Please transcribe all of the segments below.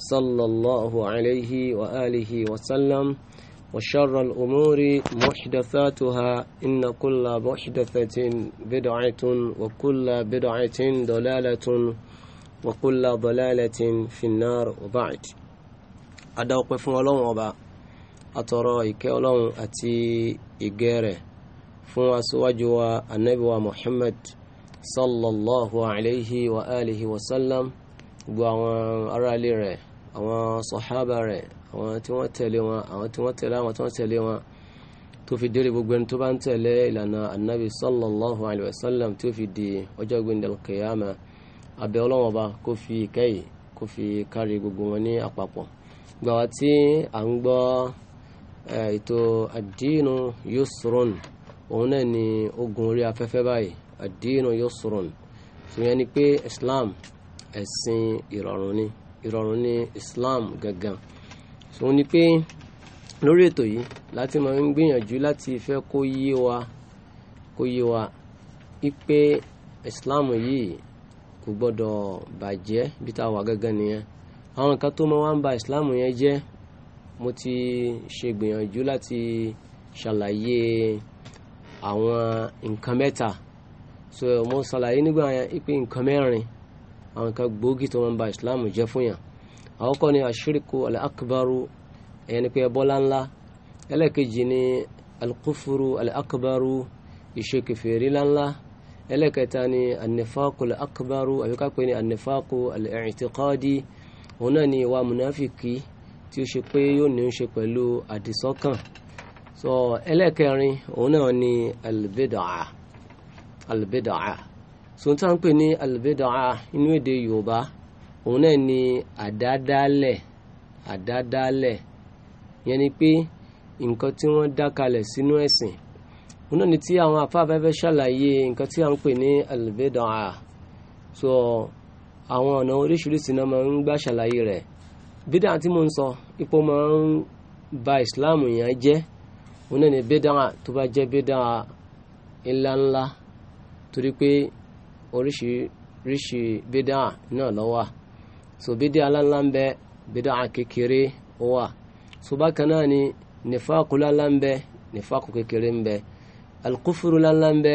صلى الله عليه وآله وسلم وشر الأمور محدثاتها إن كل محدثة بدعة وكل بدعة ضلالة وكل ضلالة في النار وبعد أدوق فولون وبا أترى إكيولون أتي إجارة فواسواجوا النبي محمد صلى الله عليه وآله وسلم gbogbo àwọn aráalé rẹ̀ àwọn sọ̀hábà rẹ̀ àwọn tí wọ́n tẹ̀lé wọn àwọn tí wọ́n tẹ̀lé àwọn tí wọ́n tẹ̀lé wọn tó fi dérè gbogbo ẹni tó bá ń tẹ̀lé ìlànà anabi sallallahu alayhi wa sallam tó fi di ọjọ́ gbẹ̀ndẹ̀l kẹyàmà abẹ́ ọlọ́wọ́n ba kó fi kẹ́yì kó fi kárí gbogbo wọn ní àpapọ̀ gbàwá tí à ń gbọ́ ètò àdínú yusrun òun náà ni ogun orí afẹ́fẹ́ báyìí àdínú yusrun tìyẹn ni pé islam ẹ̀sìn ìrọ̀rùn ni ìrọ̀rùn ní Islam gangan so ní pé lórí ètò yìí láti máa ń gbìyànjú láti fẹ́ kó yé wa kó yé wa ipe Islam yìí kò gbọ́dọ̀ bàjẹ́ bí tá a wà gangan nìyẹn àwọn nǹkan tó máa ń ba Islam yẹn jẹ́ mo ti ṣe gbìyànjú láti ṣàlàyé àwọn nǹkan mẹ́ta so mo ṣàlàyé nígbà yẹn ipe nǹkan mẹ́rin àwọn nǹkan gbòógì tó máa ń ba ìsìláàmù jẹ́ fún yàn àkọ́kọ́ ni àṣírìkù al-akbaru ẹ̀yẹn ni pé ẹbọ ńláńlá ẹlẹ́ẹ̀kejì ni al-kufuru al-akbaru ìṣekèfèrí ńláńlá ẹlẹ́ẹ̀kẹta ni an-nifaqu al-akbaru àbíkápẹ́ ni an-nifaqu al-i'tiqadi òun náà ni ìwà mùnáfìkì tí ó ṣe pé yóò ní í ṣe pẹ̀lú àdìsọ́kàn so òun náà ni al-bid'ah sọ̀n tí a ń pè ní albedaa inú èdè yorùbá òun náà ni àdádálẹ̀ àdádálẹ̀ yẹn ni pé nǹkan tí wọ́n dá kalẹ̀ sínú ẹ̀sìn òun náà ni tí àwọn afáfẹ́fẹ́ ṣàlàyé nǹkan tí a ń pè ní albedaa sọ àwọn ọ̀nà oríṣiríṣi náà máa ń gbà ṣàlàyé rẹ̀ bídà tí mo ń sọ ipò máa ń ba ìsìláàmù yẹn jẹ́ òun náà ni bídà tó bá jẹ́ bídà ńláńlá torí pé oríṣiríṣi bídà náà ló wà so bídà aláńlá ń bẹ bídà kékeré ó wà so bákan náà ni nìfàkù lálá ń bẹ nìfàkù kékeré ń bẹ alukófuru lálá ń bẹ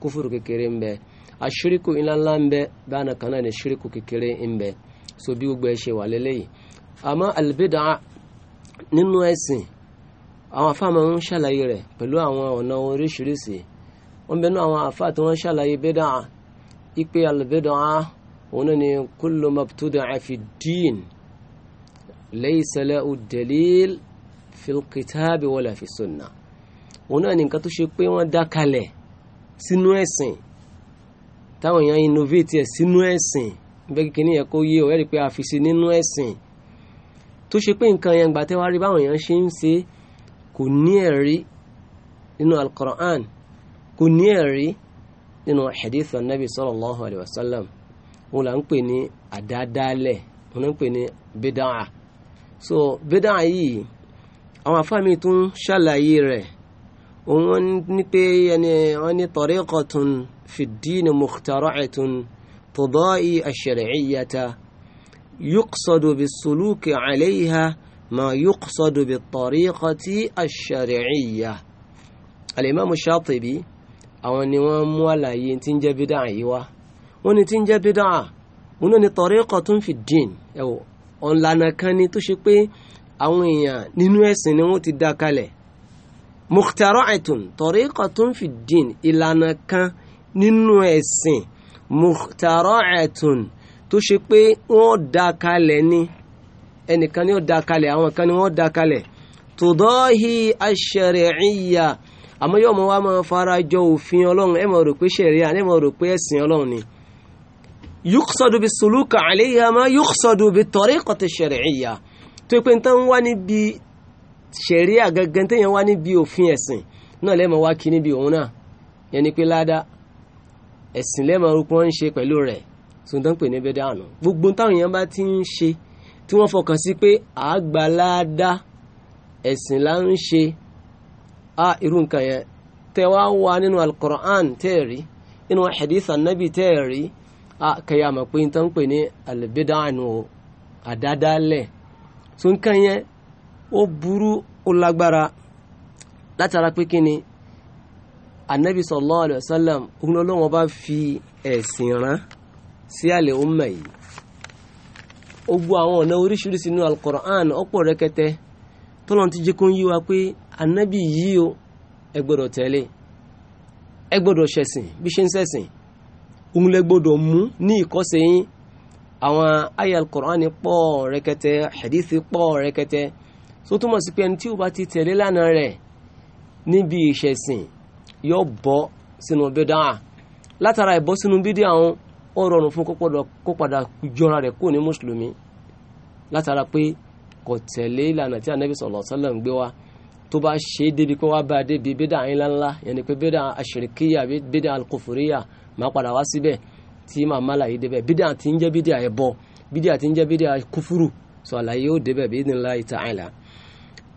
kófuru kékeré ń bẹ aṣíríkù ńláńlá ń bẹ báyìí kan náà ni aṣíríkù kékeré ń bẹ so bí gbogbo ẹ ṣe wà lélẹ́yìí àmọ́ albídà nínú ẹ̀sìn àwọn afá máa ń ṣàlàyé rẹ̀ pẹ̀lú àwọn ọ̀nà oríṣiríṣi wọ́n bẹ̀rù àwọn afá tí wọ́n ṣàlàyé bídà ipe al-bid'ah òun ni kullu mabtuda'a fi ad-din laysa lahu dalil fi al-kitab wala fi sunnah òun náà ni nǹkan tó ṣe pé wọ́n dá kalẹ̀ sínú ẹ̀sìn táwọn èèyàn innovate ẹ̀ sínú ẹ̀sìn bẹ́ẹ̀ kíkíní yẹn kó yé ọ̀rẹ́ rí pé a fi sí nínú ẹ̀sìn tó ṣe pé nǹkan yẹn báwọn èèyàn ṣe ń ṣe kò ní ẹ̀rí nínú al-Qur'an kò ní ẹ̀rí nínú hadith anabi sallallahu alayhi wa sallam wọn là ń pè ní àdádálẹ̀ wọn là ń pè ní bídáà so bídáà yìí àwọn afáàmì tó ń ṣàlàyé rẹ̀ wọn ní pé ẹni wọn ní tariqatun fi ddin mukhtara'atun tuda'i ash-shar'iyyata yuqsadu bis-suluki 'alayha ma yuqsadu bit-tariqati ash-shar'iyyah shatibi àwọn ni wọ́n mú àlàyé tí ń jẹ́ bídà yìí wá wọ́n ní tí ń jẹ́ bídà wọn náà ní tariqatun fi din ẹ̀wọ̀ ọ̀nlànà kan ni tó ṣe pé àwọn èèyàn nínú ẹ̀sìn ni wọ́n ti dá kalẹ̀ mukhtara'atun tariqatun fi din ìlànà kan nínú ẹ̀sìn mukhtara'atun tó ṣe pé wọ́n dá kalẹ̀ ni ẹnìkan ni ó dá kalẹ̀ àwọn kan ni wọ́n dá kalẹ̀ tudahi ash-shar'iyya àmọ́ yóò mọ wá máa fara jọ òfin ọlọ́run ẹ̀ máa rò pé ṣẹ̀ríà ẹ̀ máa rò pé ẹ̀sìn ọlọ́run ni. yuqsadu bi suluka alayha ma yuqsadu bi tariqati shar'iyya tó pé nǹkan wá níbi ṣẹ̀ríà gangan téèyàn wá níbi òfin ẹ̀sìn náà lẹ́ẹ̀mọ̀ wá kí níbi òun náà yẹn ni pé ládàá ẹ̀sìn lẹ́ẹ̀mọ̀ orúkọ ń ṣe pẹ̀lú rẹ̀ sọ̀tàn ń ṣe tí wọ́n a irú nǹkan yẹn tẹ́ wá wá nínú alukur'an tẹ́ rí nínú hadith anabi tẹ́ rí a kẹyà mọ̀ pé nǹkan pè ní alibidanu àdádálẹ̀ tó nǹkan yẹn ó burú ó lágbára látara pé kí ni anabi sallallahu alayhi wa sallam òun ọlọ́wọ́n bá fi ẹ̀sìn rán sí àlè ọmọ yìí ó gbọ́ àwọn ọ̀nà oríṣiríṣi nínú alukur'an ọ̀pọ̀ rẹ̀kẹ̀tẹ̀ anabi yìí o ẹ gbọ́dọ̀ tẹ̀lé ẹ gbọ́dọ̀ ṣẹ̀sìn bí ṣe ń ṣẹ̀sìn òun lẹ gbọ́dọ̀ mú ní ìkọ́sẹ̀ yín àwọn ayal Qur'an pọ̀ rẹkẹtẹ hadithi pọ̀ rẹkẹtẹ tó túmọ̀ sí pé ẹni tí ó bá ti tẹ̀lé lánàá rẹ̀ níbi ìṣẹ̀sìn yóò bọ́ sínú bídà látara ìbọ́ sínú bídà àwọn ó rọrùn fún kó padà jọra rẹ̀ kó ní mùsùlùmí látara pé kò tẹ̀lé ìlànà tí anabi sallallahu alaihi ń gbé wa tó bá ṣe é débi kó wá bá a débi bídà ńláńlá yẹn ni pé bídà àṣìríkíyà bídà alkufuriya máa padà wá síbẹ̀ tí màmá làyè débẹ̀ bídà tí ń jẹ́ bídà ẹ̀bọ bídà tí ń jẹ́ bídà kúfúrú sọ àlàyé yóò débẹ̀ bí nílá ìta àìlà.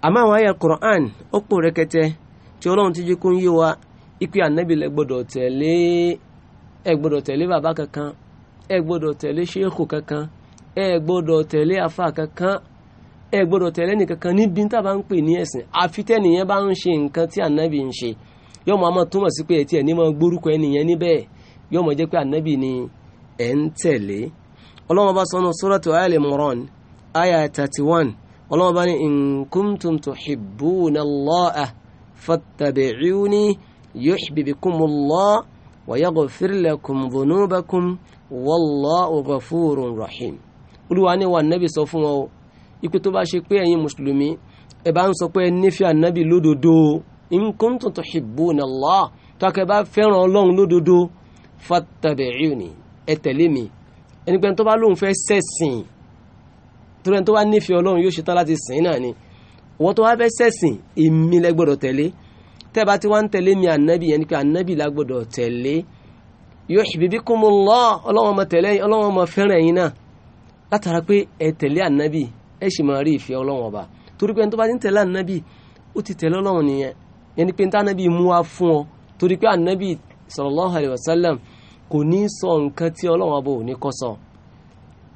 àmọ́ àwọn àyà Qur'an ó pò rẹ́kẹtẹ tí ọlọ́run ti jẹ́ kó ń yé wa ipe ànábì lẹ gbọ́dọ̀ tẹ̀lé ẹ gbọ́dọ̀ tẹ̀lé bàbá kankan ẹ gbọ́dọ̀ tẹ̀lé ẹ gbọ́dọ̀ tẹ̀lé nìkankan níbi tá a bá ń pè ní ẹ̀sìn àfi tẹ́nìyẹn bá ń ṣe nǹkan tí ànábì ń ṣe yóò máa máa túmọ̀ sí pé ẹ̀ tí ẹ̀ ní máa gbórúkọ ẹnìyẹn níbẹ̀ yóò máa jẹ́ pé ànábì ni ẹ̀ ń tẹ̀lé ọlọ́wọ́n bá sọnù suratu Al-Imran aya thirty one ọlọ́wọ́n bá ní in kuntum tuhibbuna Allaha fattabi'uni yuhbibkumullah wa ni wà nábì sọ fún ipe tó bá ṣe pé ẹ̀yin mùsùlùmí ẹ bá ń sọ pé nífẹ̀ẹ́ ànábì lódodo in kuntum tuhibbuna Allah tó akẹ́ bá fẹ́ràn ọlọ́run lódodo fattabi'uni ẹ tẹ̀lé mi ẹni pé tó bá lóun fẹ́ sẹ́sìn tó rẹ̀ tó bá nífẹ̀ẹ́ ọlọ́run yóò ṣetán láti sìn náà ni wọ́n tó wá fẹ́ sẹ́sìn èmi lẹ gbọ́dọ̀ tẹ̀lé tẹ́ bá ti wá ń tẹ̀lé mi ànábì yẹn ni pé ànábì la gbọ́dọ̀ tẹ̀lé yuhibbikumullah ọlọ́run ọmọ tẹ̀lé ọlọ́run ọmọ fẹ́ràn ẹ̀yin náà látara pé ẹ tẹ̀lé ànábì ẹ sì máa rí ìfẹ́ ọlọ́run ọba torí pé ẹni tó bá ti ń tẹ̀lé ànábì ó ti tẹ̀lé ọlọ́run nìyẹn ẹni pé tánábì mú wá fún ọ torí pé ànábì sallallahu alaihi wasallam kò ní sọ nǹkan tí ọlọ́run ọba ò ní kó sọ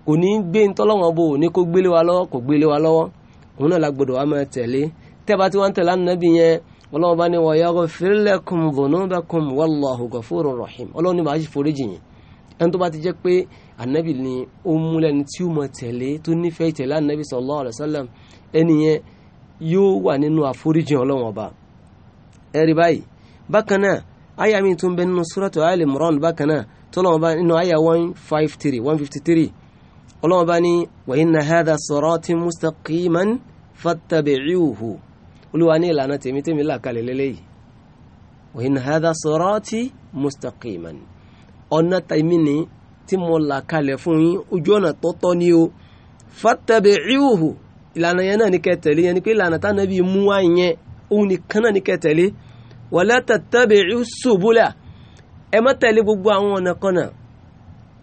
kò ní gbé ntọ́lọ́run ọba ò ní kó gbélé wa lọ́wọ́ kò gbélé wa lọ́wọ́ òun náà la gbọdọ̀ wá máa tẹ̀lé tẹ́bà tí wọ́n ń tẹ̀lé ànábì yẹn ọlọ́run bá ní wa yaghfir lakum dhunubakum anabi ni ó múlẹ̀ ní tí ó mọ tẹ̀lé tó nífẹ̀ẹ́ tẹ̀lé anabi sallallahu alaihi wasallam ẹni yẹn yóò wà nínú àforíjìn ọlọ́wọ́n ọba ẹ̀rí báyìí bákan náà aya mi tún bẹ nínú suratu ali imran bákan náà tọ́lọ́wọ́n bá nínú aya one five three one fifty three ọlọ́wọ́n bá ní wa inna hadha sirati mustaqiman fattabi'uhu olúwa ní ìlànà tèmi tèmi là kalẹ̀ lélẹ́yìí wa inna hadha sirati mustaqiman ọ̀nà tèmi ni tí mo là kalẹ̀ fún yín ojú ọ̀nà tọ́tọ́ ni o fattabi'uhu ìlànà yẹn náà ní kẹtẹ̀lé yẹn ni pé ìlànà tánàbí mú wá yẹn òun nìkan náà ní kẹtẹ̀lé wala tattabi'u subula ẹ má tẹ̀lé gbogbo àwọn ọ̀nà kọ́nà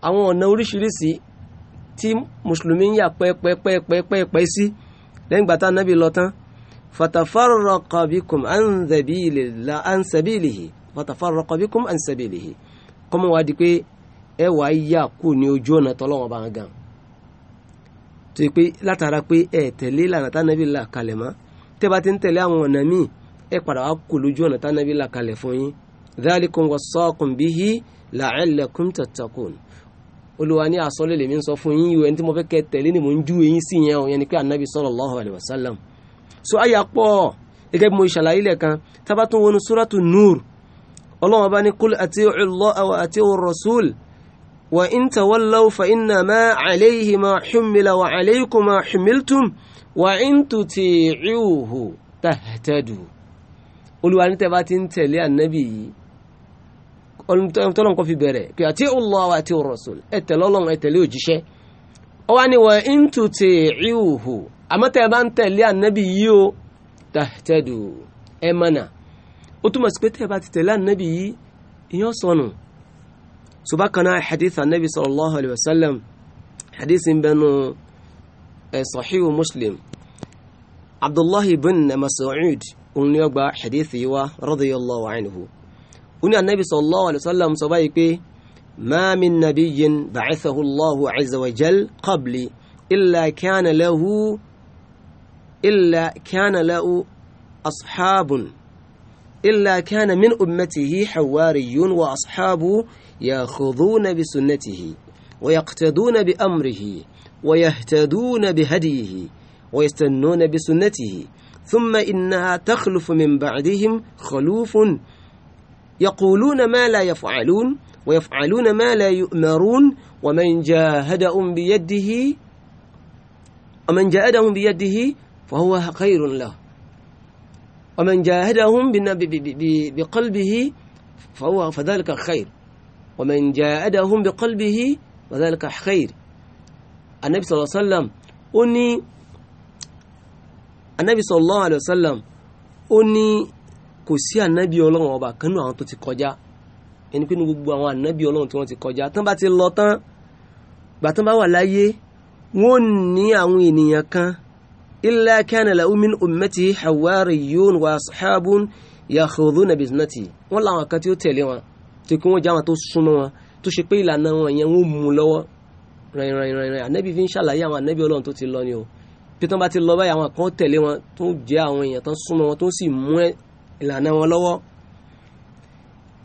àwọn ọ̀nà oríṣiríṣi tí mùsùlùmí ń yà pẹ́ẹ́pẹ́ẹ́pẹ́ẹ́pẹ́ sí lẹ́yìn gbàtà nábì lọ tán fatafarraqa bikum an sabilihi fatafarraqa bikum an di pé ẹ wà á yà kú ní ojú ọ̀nà tọ́lọ́wọ́n bá gan tó yẹ pé látara pé ẹ tẹ̀lé ìlànà tánàbí là kalẹ̀ mọ́ tẹ́ bá ti ń tẹ̀lé àwọn ọ̀nà míì ẹ padà wá kú lójú ọ̀nà tánàbí là kalẹ̀ fún yín dhalikum wasaqum bihi la'allakum tattaqun olùwà ní àsọlẹ̀ lèmi ń sọ fún yín ìwé ẹni tí mo fẹ́ kẹ́ tẹ̀lé ni mò ń júwe yín sí yẹn o yẹn ni pé anabi sallallahu Allah وإن تولوا فإنما عليه ما حمل وعليكم ما حملتم وإن تطيعوه تهتدوا Olúwa ní tẹ́ bá ti ń tẹ̀lé ànábì yìí tọ́lọ́n kọ́ fi bẹ̀rẹ̀ pé ati'u Allah wa ati'u Rasul ẹ tẹ̀lé Ọlọ́run ẹ tẹ̀lé òjíṣẹ́ ọ wá ní wa in tuti'uhu àmọ́ tẹ́ bá ń tẹ̀lé ànábì yìí o tahtadu ẹ mọ̀nà ó túmọ̀ sí pé tẹ́ bá ti tẹ̀lé ànábì yìí ìyẹn sọnù so bákan náà hadith anabi sallallahu alayhi wa sallam hadith ń bẹnu eh, sahihu muslim abdullahi bin mas'ud òun ni ó gba hadith yìí wá radiyallahu anhu òun ni anabi sallallahu alayhi wa sallam sọ báyìí pé ma min nabiyyin ba'athahu allahu azza wa jal qabli illa kana lahu illa kana lahu ashabun illa kana min ummatihi hawariyun wa ashabu ياخذون بسنته ويقتدون بأمره ويهتدون بهديه ويستنون بسنته ثم إنها تخلف من بعدهم خلوف يقولون ما لا يفعلون ويفعلون ما لا يؤمرون ومن جاهدهم بيده ومن جاهدهم بيده فهو خير له ومن جاهدهم بقلبه فهو فذلك خير ومن جاءدهم بقلبه وذلك خير النبي صلى الله عليه وسلم ó ní النبي صلى الله عليه وسلم ó ní kò sí ànábì ọlọ́run ọba kan náà àwọn tó ti kọjá ẹni pé ní gbogbo àwọn ànábì ọlọ́run tí wọ́n ti kọjá tán bá ti lọ tán gbàtán bá wà láyé wọ́n ní àwọn ènìyàn kan illa kana lahu min ummatihi hawariyun wa ashabun yakhudhuna bisunati wọ́n láwọn kan tí ó tẹ̀lé wọn tó kí wọ́n jẹ́ àwọn tó súnmọ́ wọn tó ṣe pé ìlànà wọn yẹn wọ́n mú lọ́wọ́ rìnrìnrìnrìn ànábì fi ń ṣàlàyé àwọn ànábì ọlọ́run tó ti lọ ni o pé tó ń bá ti lọ báyìí àwọn kan tẹ̀lé wọn tó jẹ́ àwọn èèyàn tó súnmọ́ wọn tó sì mú ìlànà wọn lọ́wọ́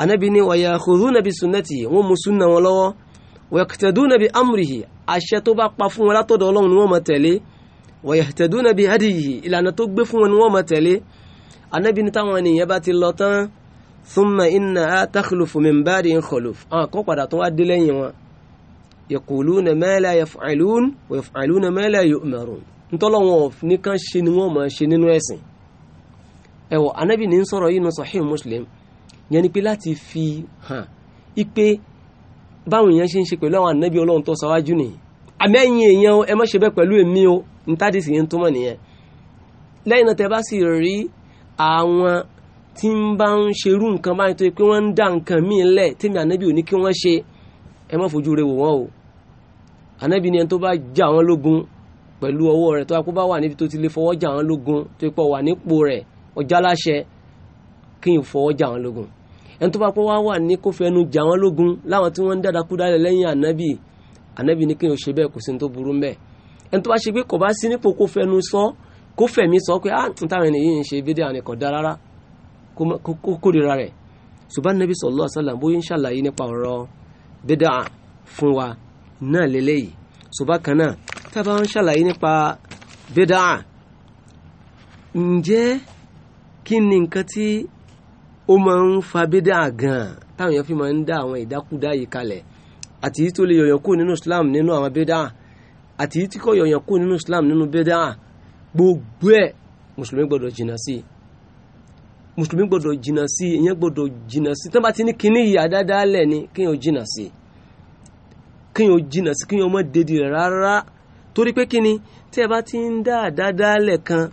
ànábì ni wàyà àkòrú nàbí sunnati wọn mú sunna wọn lọ́wọ́ wọ́n máa tẹ̀lé nàbí hadiyi ìlànà thumma inna takhlufu min ba'dihim khuluf àwọn kan padà tó wá dé lẹ́yìn wọn yaquluna ma la yaf'alun wa yaf'aluna ma la yu'marun ntọ́lọ́wọ́n nìkan ṣe ni wọ́n máa ṣe nínú ẹ̀sìn ẹ̀wọ̀ anábì ní sọ̀rọ̀ yìí ní Sahih Muslim yẹn ni pé láti fi hàn ipe báwọn èèyàn ṣe ń ṣe pẹ̀lú àwọn anábì ọlọ́run tó ṣáwájú nìyí àmì èèyàn ẹ má ṣe bẹ́ẹ̀ pẹ̀lú tí ń bá ń ṣerú nǹkan báyìí tó yẹ pé wọ́n ń dá nǹkan míì lẹ̀ tèmi ànábì ò ní kí wọ́n ṣe ẹ má fojú re wò wọ́n o ànábì ni ẹni tó bá jà wọ́n lógun pẹ̀lú ọwọ́ rẹ̀ tó yẹ kó bá wà níbi tó ti lè fọwọ́ jà wọ́n lógun tó yẹ pé wà nípò rẹ̀ ọjà láṣẹ kí n fọwọ́ jà wọ́n lógun ẹni tó bá pọ́ wá wà ní kó fẹnu jà wọ́n lógun láwọn tí wọ́n ń dáadáa kú dálẹ̀ lẹ́yìn ànábì ànábì ni kí n ò ṣe bẹ́ẹ̀ kò sí ní tó burú mbẹ́ ẹni tó bá ṣe pé kò bá sí nípò kó fẹnu sọ kó fẹ̀mí sọ pé ah n ènìyàn ń ṣe bídẹ́ àníkọ̀ dá rárá kó kórìíra rẹ̀ ṣùgbọ́n nabi sallallahu alaihi wasallam bóyá ń ṣàlàyé nípa ọ̀rọ̀ bídà fún wa náà lélẹ́yìí ṣùgbọ́n kan náà tá a bá nípa bídà ǹjẹ́ kí ni nǹkan tí ó máa ń fa bídà gan-an táwọn èèyàn fi máa ń dá àwọn ìdákúdá yìí kalẹ̀ àti yìí tó lè yọ̀yàn kú nínú Islam nínú àwọn bídà àti yìí tí kò yọ̀yàn kú nínú Islam nínú bídà gbogbo ẹ̀ mùsùlùmí gbọ́dọ̀ jìnnà sí mùsùlùmí gbọ́dọ̀ jìnnà sí ìyẹn gbọ́dọ̀ jìnnà sí tó bá ti ní kinní yìí àdáadáa lẹ̀ ni kéèyàn jìnnà sí kéèyàn jìnnà sí kéèyàn má dédì rẹ̀ rárá torí pé kíni tí ẹ bá ti ń dá àdáadáa lẹ̀ kan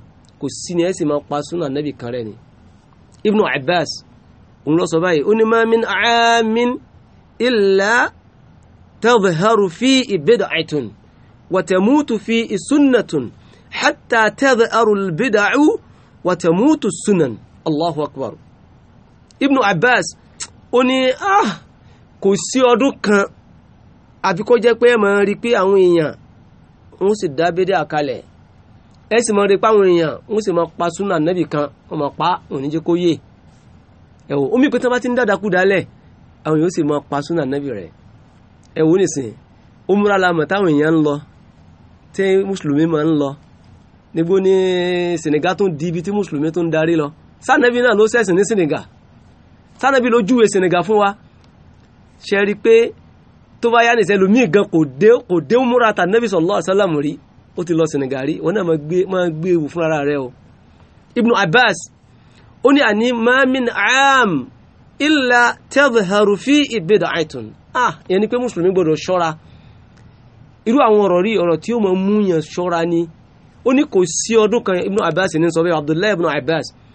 kò sí ni ẹ sì máa pa súnà nẹ́bì kan rẹ̀ ni ibnu abbas òun lọ sọ báyìí ó ní ma min aamin illa tadhharu fi bid'atun wa tamutu fi sunnatun hatta tadhharu al allahu akbar ibnu abbas ó ní ah kò sí ọdún kan àfi kó jẹ́ pé ẹ máa rí pé àwọn èèyàn wọ́n sì dá bédé àkàlẹ̀ ẹ sì máa rí pé àwọn èèyàn wọ́n sì máa pa súnà nẹ́bì kan wọ́n máa pa òní jẹ́ kó yé ẹ̀wọ̀ omi bá ti ń àwọn èèyàn ó sì máa pa súnà nẹ́bì rẹ̀ ẹ̀wọ̀ nìsín lọ tí mùsùlùmí máa ń lọ ni tó di ibi tí mùsùlùmí tó ń lọ sanabi náà ló ṣẹ̀sìn ní Senegal sanabi ló júwe Senegal fún wa ṣe rí i pé tó bá yá nìṣẹ́ lómi gan kò dé kò dé múra ta nabi sallallahu alaihi wasallam rí ó ti lọ Senegal rí wọn náà máa gbé máa gbé ewu rẹ o Ibn Abbas ó ní àní ma am ila tadhharu fi bid'atun ah ìyẹn ni pé mùsùlùmí gbọdọ̀ ṣọ́ra irú àwọn ọ̀rọ̀ rí ọ̀rọ̀ tí ó máa múyàn ṣọ́ra ni ó ní kò sí ọdún kan Ibn Abbas ní sọ bẹ́ẹ̀ Abdullahi Ibn Abbas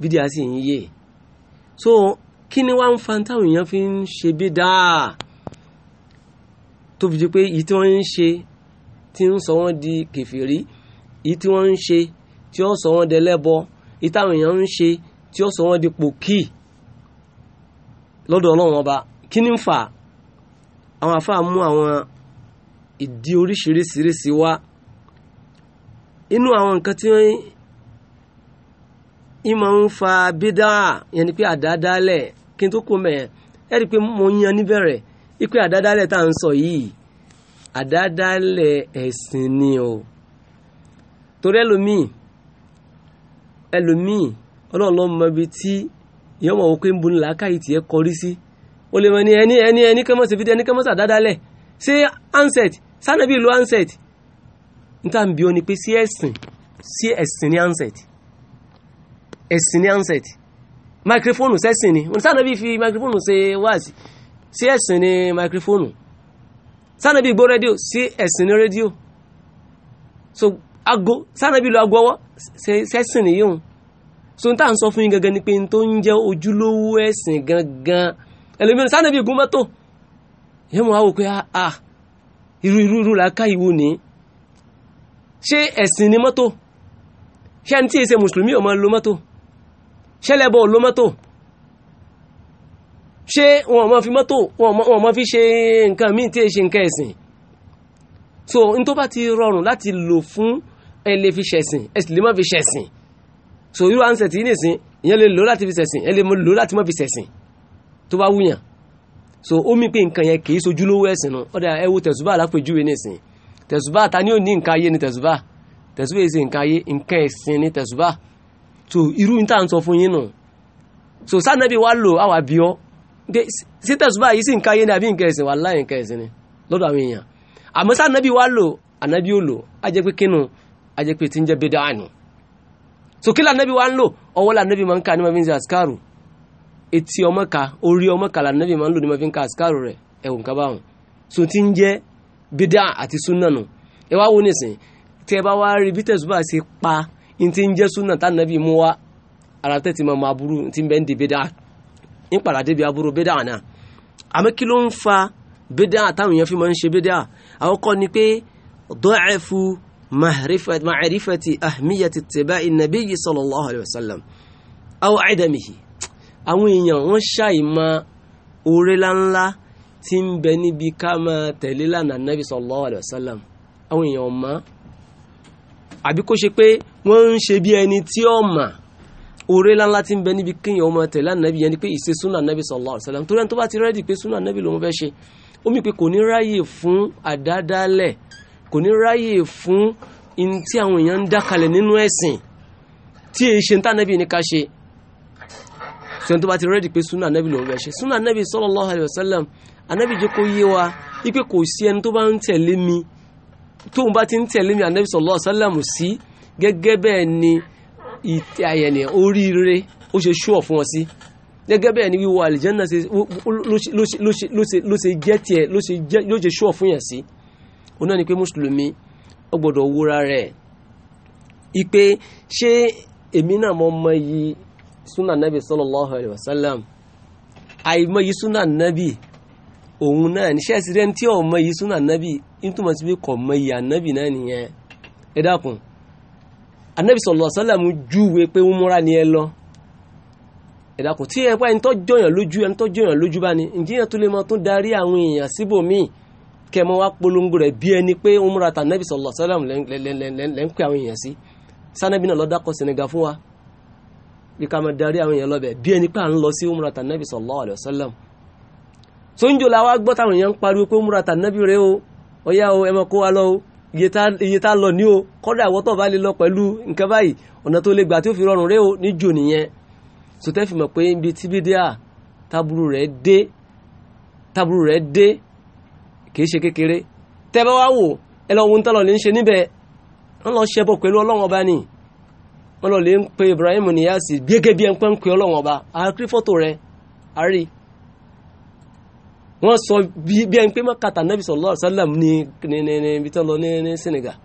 bídíà sì ń yè so kí ni wàá ń fa táwọn èèyàn fi ń ṣe bí dáa tó fi di pé èyí tí wọ́n ń ṣe tí ń sọ wọ́n di kèfèrí èyí tí wọ́n ń ṣe tí ó sọ wọ́n dẹlẹ́bọ èyí táwọn èèyàn ń ṣe tí ó sọ wọ́n di pòkì lọ́dọ̀ ọlọ́run ọba kí ni ń fà àwọn afáà mú àwọn ìdí oríṣiríṣiríṣi wá inú àwọn nǹkan tí wọ́n ìmọ̀ ń fa bídà yẹn ni pé àdádálẹ̀ kí n tó kó mẹ́ ẹ rí i pé mo yan níbẹ̀rẹ̀ ipe àdádálẹ̀ tá à ń sọ yìí àdádálẹ̀ ẹ̀sìn ni o torí ẹlòmíì ẹlòmíì ọlọ́run ló mọ ibi tí ìyẹn mọ̀ wọ́n pé ń bu ńlá káyìí tiẹ̀ kọrí sí o lè mọ ní ẹni ẹni ẹni kẹ́mọ́ sí fídíò ẹni kẹ́mọ́ sí àdádálẹ̀ ṣé handset sanabi lo handset níta ń bí o ni pé sí ẹ̀sìn sí ẹ̀sìn ní handset ẹ̀sìn ní ansẹ̀t microphone sẹ́sìn ni wọn sànàbí fi microphone ṣe wáàsí sí ẹ̀sìn ní microphone sànàbí gbọ́ rédíò sí ẹ̀sìn ní rédíò so ago sànàbí lo ago ọwọ́ sẹ́sìn ní yíò so n tà ń sọ fún yín gangan ni pé n tó ń jẹ́ ojúlówó ẹ̀sìn gangan ẹlòmíràn sànàbí gun mọ́tò yẹn mo wá wò ah, ah, irú irú irú làákà ìwò ni ṣé ẹ̀sìn ní mọ́tò ṣé ẹni tí èsè mùsùlùmí ọmọ lo mọ́tò ṣẹlẹ̀bọ̀ ló mọ́tò ṣé wọn ma fi mọ́tò wọn ma fi ṣe nǹkan míì tí è ṣe nǹkan ẹ̀sìn so n tó bá ti rọrùn láti lò fún ẹ fi ṣẹ̀sìn ẹ lè má fi ṣẹ̀sìn so irú ansẹ̀ tí nìsín ìyẹn lè lò láti fi ṣẹ̀sìn ẹ lè lò láti má fi ṣẹ̀sìn tó bá wúyàn so ó mí pé nǹkan yẹn kì í sojú lówó ẹ̀sìn nu ọ̀dà ẹ wo tẹ̀sùbá alápèjúwe nìsín tẹ̀sùbá ta ni ò ní nǹkan ayé ni tẹ̀sùbá tẹ̀sùbá èsì nǹkan ayé nǹkan ẹ̀sìn ni tẹ̀sùbá so irú ní tàà ń sọ fún yín nù so sánẹ́bí wá lò àwà bí ọ́ sí tẹ̀sùbá yìí sí nǹkan ayé ní àbí nǹkan ẹ̀sìn wà láì nǹkan ẹ̀sìn ni lọ́dọ̀ àwọn èèyàn àmọ́ sánẹ́bí wá lò ànábí ò lò ajẹ́ pé kínú ajẹ́ pé ti ń jẹ́ bídà ni so kí lànàbí wá ń lò ọwọ́ lànàbí máa ń ka ní ma fi ń ṣe àsìkáàrù etí ọmọ ka orí ọmọ ka lànàbí máa ń lò ní ma fi ń ka àsìkáàrù rẹ̀ so ti ń jẹ́ bídà àti súnà nù ẹ wá wo bá wá pa n ti ń jẹ́ súnà tá nàbí mú wa ara tẹ́tí máa ma burú ti ń bẹ́ ń di bídà ń padà débi aburú bídà náà àmọ́ kí ló ń fa bídà táwọn èèyàn fi máa ń ṣe bídà àwọn kọ́ ni pé dọ́ẹ̀fù màrífẹ̀tì ahmiyati tẹ̀bá ìnàbí sallallahu alayhi wa sallam àwọn àìdàmìhì àwọn èèyàn wọ́n ṣàìmọ̀ oore láńlá tí ń bẹ níbi ká máa tẹ̀lé lánàá nàbí sallallahu alayhi wa sallam àwọn èèyàn ọ̀ma àbí kó ṣe pé wọ́n ń ṣe bí ẹni tí ó mà oore láńlá tí ń bẹ níbi kéèyàn ọmọ tẹ̀lé ànábì yẹn ni pé ìṣe súnà ànábì sallallahu alaihi wasallam torí ẹni tó bá ti rẹ́dì pé súnà ànábì lòun fẹ́ ṣe omi pé kò ní ráyè fún àdádálẹ̀ kò ní ráyè fún in tí àwọn èèyàn ń dákalẹ̀ nínú ẹ̀sìn tí èyí ṣe ń tà ànábì ní ká ṣe sọ́yìn tó bá ti rẹ́dì pé súnà ànábì lòun fẹ́ ṣe súnà ànábì sallallahu alaihi wasallam ànábì jẹ́ kó yé wa ipe kò sí ẹni tó bá ń tẹ̀lé mi tóun bá ti ń tẹ̀lé mi anabi sallallahu alaihi wasallam sí gẹ́gẹ́ bẹ́ẹ̀ ni ìtẹ̀ àyẹ̀nì oríire ó ṣe ṣúọ̀ fún ọ sí gẹ́gẹ́ bẹ́ẹ̀ ni wíwọ àlìjẹ́nà ló ṣe jẹ́ tiẹ̀ ló ṣe ṣúọ̀ fún yàn sí oná ni pé mùsùlùmí ó wúra rẹ̀ ipe ṣé èmi náà mọ mọ yìí sunna nabi sallallahu alaihi wasallam àìmọye sunna nabi òun náà ní sẹ́ẹ̀sì rẹ̀ tí ọmọ yìí súnà nábì ìtumọ̀ sí pé kọ̀ mọ iye ànábì náà nìyẹn ẹ dákun ànábì sallallahu alaihi júwe pé ó múra ni ẹ lọ ẹ dákun tí ẹ pa ẹni tó jọyàn lójú ẹni tó jọyàn lójú bá ní ǹjẹ́ yẹn tó lè mọ tó darí àwọn èèyàn síbòmíì kẹ́ mọ́ wá polongo rẹ̀ bí ẹni pé ó múra ànábì sanabi náà fún wa bí ká máa darí àwọn èèyàn bí ẹni pé à ń lọ so awa jò láwá gbọ́ táwọn èèyàn ń pariwo pé múra tànàbí rẹ o ọyá o ẹ máa kó wa lọ o iye tá lọ ní o kọ́dà ìwọ́tọ̀ bá lè lọ pẹ̀lú nǹkan báyìí ọ̀nà tó lè gbà tí ó fi rọrùn rẹ o níjò nìyẹn so tẹ́ pé ibi dé ni wọ́n lọ lè ń pe Ibrahim Niyasi wọ́n sọ bí ẹni pé mọ́kàtà nàbì sallallahu alaihi wasallam ní ibi tán lọ ní Senegal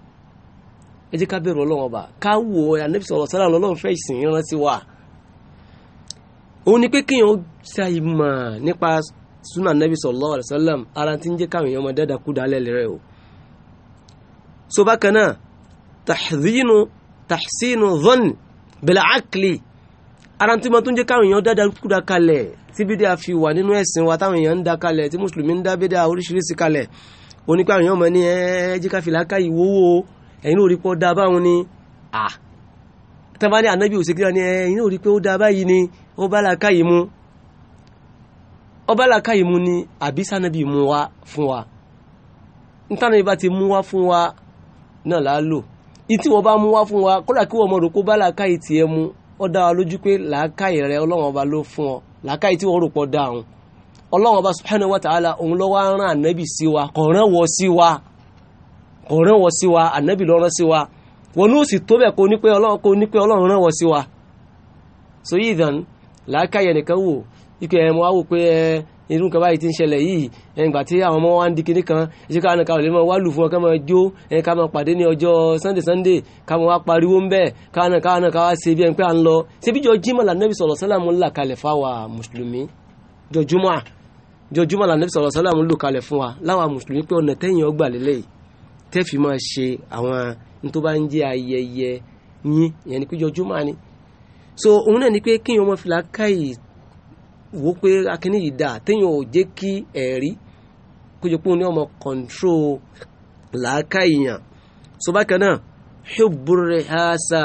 ẹ jẹ́ ká bẹ̀rù ọlọ́run ọba ká wò ànábì sallallahu alaihi wasallam lọ́lọ́run fẹ́ ìsìn rántí wa òun ni pé kéèyàn ó ṣàìmọ̀ nípa súnà nàbì sallallahu alaihi wasallam ara ti ń jẹ́ káwọn èèyàn máa dáadáa kú dálẹ̀ rẹ̀ o so bákan náà tahdhinu tahsinu dhann bil ara tí mo tún jẹ́ káwọn èèyàn dáadáa kúra kalẹ̀ tí bídíà fi wà nínú ẹ̀sìn wa táwọn èèyàn ń da kalẹ̀ tí mùsùlùmí ń dá bídíà oríṣiríṣi kalẹ̀ oní káwọn èèyàn mọ̀ ní ẹ jẹ́ ká fi ẹ̀yin ló rí pé ó da báwọn ni à tẹ́bá ní ànábì òsèkìlá ni ẹ̀yin ló rí pé ó da báyìí ni ó bá làákàyè mu ó bá làákàyè mu ni àbí sànábì mu wá fún wa ntànà ibà ti mú wá fún wa náà láà lò ìtí wọ́n bá mú wá fún wa kódà kí wọ́n mọ̀ rò kó ó dá wa lójú pé làákàyè rẹ ọlọ́run ọba ló fún ọ làákàyè tí wọ́n rò pọ̀ dáhùn ọlọ́run ọba subhanahu wa ta'ala òun ló rán ànábì sí wa kò wọ sí wa kò wọ sí wa ànábì ló sí wa wọn ló sì tó bẹ́ẹ̀ kó ní pé ọlọ́run kó ní pé ọlọ́run rán wọ sí wa so yìí dàn làákàyè nìkan wò ike ẹ̀ mọ́ á wò pé ẹ̀ irú nǹkan báyìí ti ń ṣẹlẹ̀ yìí ẹnìgbà tí àwọn ọmọ wa ń di kinní kan ṣé ká lè máa wá lù fún ọ ká máa jó ká máa pàdé ní ọjọ́ sunday sunday ká máa wá pariwo ń bẹ̀ ká nìkan nìkan wá ṣe bí ẹni pé à ń lọ ṣebí jọ jimá la nẹ́bí sọ̀rọ̀ sálàmù ńlá kalẹ̀ fáwa mùsùlùmí jọ jumá jọ jumá la nẹ́bí sọ̀rọ̀ sálàmù ńlò kalẹ̀ fún wa láwa mùsùlùmí pé ọ̀nà ni pé jọ jumá so òun náà ni pé kíyàn wò pé akínní yìí dáa téèyàn ò jẹ́ kí ẹ̀rí kójú pé òun ní ọmọ kọ̀ǹtró làákà èèyàn so bákan náà ṣùgbọ́n àṣà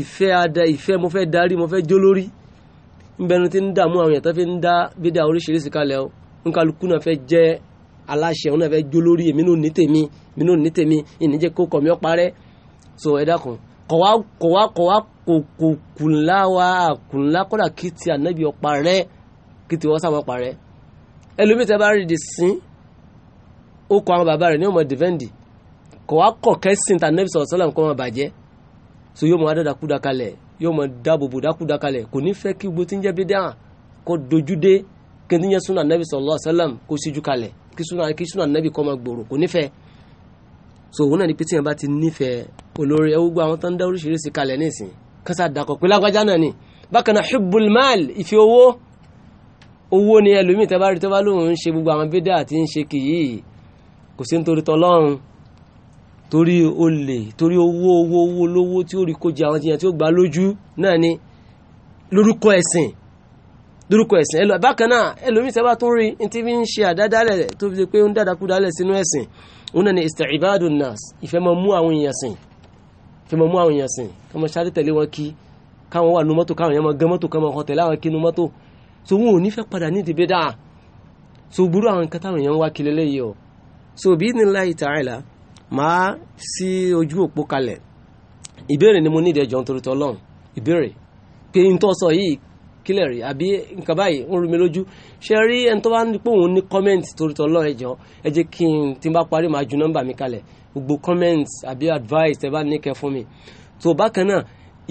ìfẹ́ ada ìfẹ́ mo fẹ́ darí mo fẹ́ jó lórí nbẹnu tí ń dààmú àwọn èèyàn tó fi ń dá bídà oríṣiríṣi kalẹ̀ o nkálukú náà fẹ́ jẹ́ aláṣẹ òun náà fẹ́ jó lórí èmi náà ní tèmi èmi náà ní tèmi ìníjẹ́ kó kọ̀ mí ọ́ parẹ́ so ẹ dákun kọ̀wá kọ̀wá kọ̀wá kò kò kùnlá wa kùnlá kọ́dà kí ti ànábì ọ̀pá rẹ̀ kí tiwọn sábà parẹ́ ẹlòmíì tẹ́ bá rí di sín ó kọ àwọn bàbá rẹ̀ ní ọmọ dìvẹ́ǹdì kò wá kọ̀ kẹ́sìn tà nẹ́bí sọ̀rọ̀ sọ́làm kọ́ wọn bàjẹ́ so yóò mọ adáda kúda kalẹ̀ yóò mọ dáàbòbò dákúda kalẹ̀ kò ní fẹ́ kí gbogbo tí ń jẹ́ bídẹ́ hàn kó dojú dé kí yẹn súnà nẹ́bí sọ̀rọ̀ sọ́làm kó síjú kalẹ̀ kí súnà nẹ́bí kọ́ máa gbòòrò kò nífẹ̀ẹ́ so òun náà ni pété yẹn bá ti nífẹ̀ẹ́ olórí ẹ gbogbo àwọn tó ń dá oríṣiríṣi kalẹ̀ nísìn kásá dakọ̀ pé lágbájá náà ni bákan náà hubbul mal ìfẹ́ owó owó ni ẹlòmíì tẹ́ bá rí tó bá lóun ń ṣe gbogbo àwọn bídà àti ń ṣe kìyí kò sí nítorí tọlọ́run torí olè torí owó owó owó lówó tí ó rí kó jẹ àwọn jiyàn tí ó gbà lójú náà ni lórúkọ ẹ̀sìn lórúkọ ẹ̀sìn ẹlò bákan náà ẹlòmíì tẹ́ bá tún rí ní tí fi ń ṣe àdádálẹ̀ tó fi pé ó ń dàdákúdálẹ̀ sínú ẹ̀sìn òun náà ni istibadun nas ìfẹ́ máa mú àwọn èèyàn sìn ìfẹ́ máa mú àwọn èèyàn sìn kọ́mọ sáré tẹ̀lé wọn kí káwọn wà nu so wọn ò ní fẹ́ padà ní ìdìbò dáa so burú àwọn nǹkan táwọn èèyàn wá kiri lẹ́yìn o so bí ní láì tààlà máa sí ojú òpó kalẹ̀ ìbéèrè ni mo ní ìdẹ́jọ́ nítorí tọ́lọ́run ìbéèrè pé n tó sọ yìí kílẹ̀ rí àbí nǹkan báyìí ń rú mi lójú ṣe rí ẹni tó bá ń pé òun ní kọ́mẹ́ǹtì torí tọ́lọ́run ẹ̀jọ́ ẹ jẹ́ kí n tí n bá parí máa ju nọ́mbà mi kalẹ̀ gbogbo kọ́mẹ́ǹtì àbí advice tẹ́ bá ní kẹ́ fún mi tó bákan náà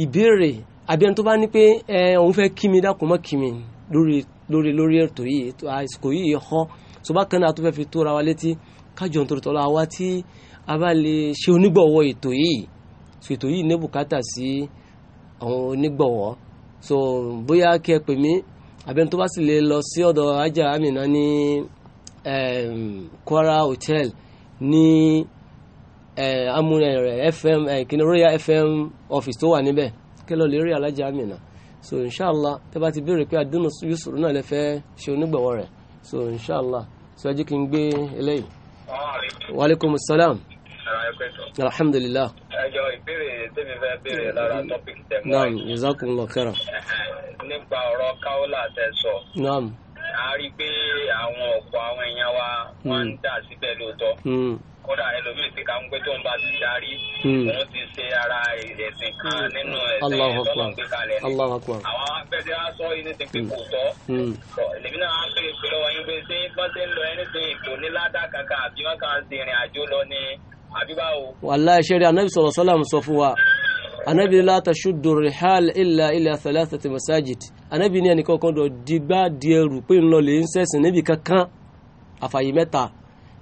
ìbéèrè àbí ẹni tó bá ní pé ẹ òun fẹ́ kí mi dákun kí mi lórí lórí lórí ètò yìí àsìkò yìí hàn so bákan náà tó fẹ́ fi tóra wa létí kájọ nítorí tọ́lá wa tí a bá lè ṣe onígbọ̀wọ́ ètò yìí so ètò yìí ní bùkátà sí àwọn onígbọ̀wọ́ so bóyá kí ẹ pè mí abẹ́ni tó bá sì lè lọ sí ọ̀dọ̀ ajá amina ní ehm, Kwara Hotel ní eh, amúnẹ̀ rẹ̀ FM eh, kìnìún Royal FM office tó wà níbẹ̀ kí lọ lè rí alájà amina so inshallah tẹ́ bá ti béèrè pé adúnú yusuf náà lè fẹ́ ṣe onígbọ̀wọ́ rẹ̀ so inshallah so ẹ jẹ́ kí n gbé eléyìí. wa aleykum salaam. alhamdulilah. ẹjọ ìbéèrè tèmi fẹ́ béèrè lára tọpíkì tẹ naam jazakumullahu khairan. nípa ọ̀rọ̀ káwọ́lá tẹ sọ. naam. a rí i pé àwọn ọ̀pọ̀ àwọn èèyàn wa wọ́n ń hmm. dà síbẹ̀ lóòótọ́. Hmm kódà ẹlòmíì ti ka ń pé tó ń bá ti darí òun hmm. ti ṣe ara ẹ̀sìn kan hmm. nínú ẹ̀sìn ìtọ́nà gbé kalẹ̀ ni àwọn afẹ́fẹ́ á sọ yìí ní ti pé hmm. kò tọ́ ẹ̀lẹ́mí náà á pè pé lọ́wọ́ yín pé ṣé wọ́n ti ń lọ ẹni tí ìbò ní ládàá kankan àbí wọ́n kàn ń sin ìrìn àjò lọ ní àbí báwo. wàláì ṣẹ́rí anábì sọ̀rọ̀ sọ́lá mi sọ fún wa anabi la tashuddu rihal illa ila thalathati masajid anabi ní ẹnìkan kan dọ̀ digbá di pé ńlọ lè ń sẹ̀sìn níbi kankan àfàyè mẹ́ta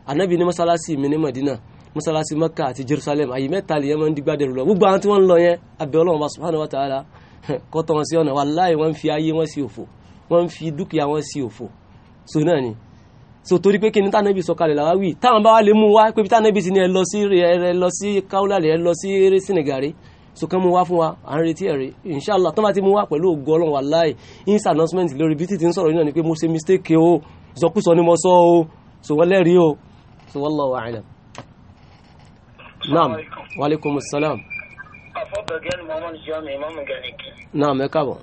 anabi ní masalasi mi ní madina masalasi maka àti jerusalem àyè mẹ́ta lè yẹn máa ń dígbà dẹrù lọ gbogbo àwọn tí wọ́n ń lọ yẹn abẹ́ ọlọ́run wa ta'ala kọ́tọ̀ wọn sí ọ̀nà wàláyé wọ́n ń fi ayé wọn sí òfò wọ́n fi dúkìá wọn sí òfò so náà ni so torí pé kí ni tánàbì sọ̀kalẹ̀ làwa wí táwọn bá wà lè mú wa pé tánàbì sì ni ẹ lọ sí ẹ lọ sí káúlàlẹ̀ ẹ lọ sí eré sínìgàrí so kán mú wá fún wa à retí ẹ̀rí inshallah tó bá ti mú wá pẹ̀lú ògo ọlọ́run wàláyé announcement lórí bí títí ń sọ̀rọ̀ yìí ni pé mo ṣe mistake o ìsọkúsọ ni mo sọ o so wọ́n o so wallahu a'lam. naam waaleykum salaam. afọbẹgẹ ni mọmọ nìjọ mi mọmọ gẹlẹ kí. naam ẹ káàbọ̀.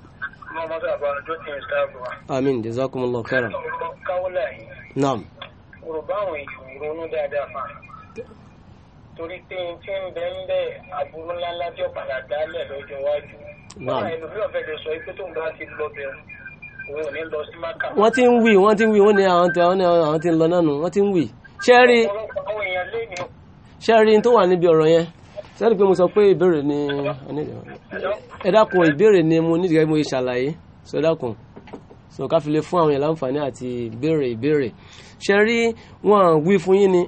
mọmọ sábà ọjọ́ tí n sábà wa. amiin jazakumullahu khairan. káwọlá yìí. naam. yorùbá àwọn èèyàn ronú dáadáa fa torí pé n ti ń bẹ ń bẹ aburú ńláńlá tí ọ̀padà dálẹ̀ lọ́jọ́ iwájú. náà ẹlòmíràn fẹ́ lè sọ pé tóun bá ti lọ bẹ̀rù òun ò ní lọ sí mákà. wọ́n ti ń wí wọ́n ti ń wí wọ́n ní àwọn ti ń lọ náà nù wọ́n ti ń wí ṣẹ́rí ṣẹ́rí tó wà níbi ọ̀rọ̀ yẹn ṣẹ́rí pé mo sọ pé ìbéèrè ni ẹ dákun ìbéèrè ni mo nídìí gẹ́gẹ́ mo ṣe ṣàlàyé sọ ẹ dákun sọ ká fi lè fún àwọn yẹn láǹfààní àti ìbéèrè ìbéèrè ṣẹ́rí wọ́n wí fún yín ni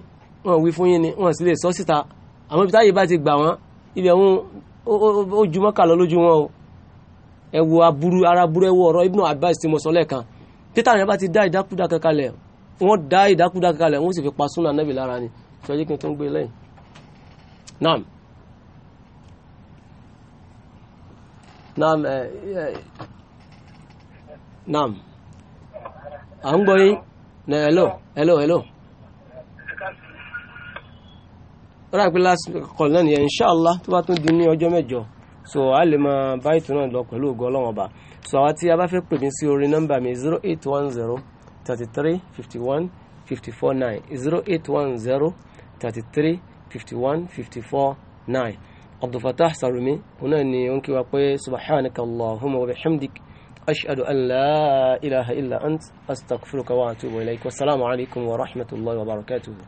wọ́n wí fún yín ni wọ́n sì lè sọ síta àmọ́ ibi táyé bá ti gbà wọ́n ibi àwọn ojúmọ́ kà lọ lójú wọn o ẹ wo aburú ara burú ẹ wo ọ̀rọ̀ Ibn Abbas tí mo sọ lẹ́ẹ̀kan peter yẹn bá ti dá ìdákúdá kankan lẹ̀ wọn dá ìdákúdá kalẹ̀ wọn sì fi pa súnà nẹ́bì lára ni kí gbé naam naam ẹ ẹ nam à ń na hello hello hello rárá pé last call náà nìyẹn inshallah tó bá tún di ní so a lè máa bá lọ so àwa tí a bá mi zero 33 51 54 9 0810 33 51 54 9 abdulfatah salumi ona ni ó ń kí wa pé subhanaka allahumma wa bihamdik ashhadu an la ilaha illa ant astaghfiruka wa atubu ilayk wassalamu alaikum wa rahmatullahi wa barakatuh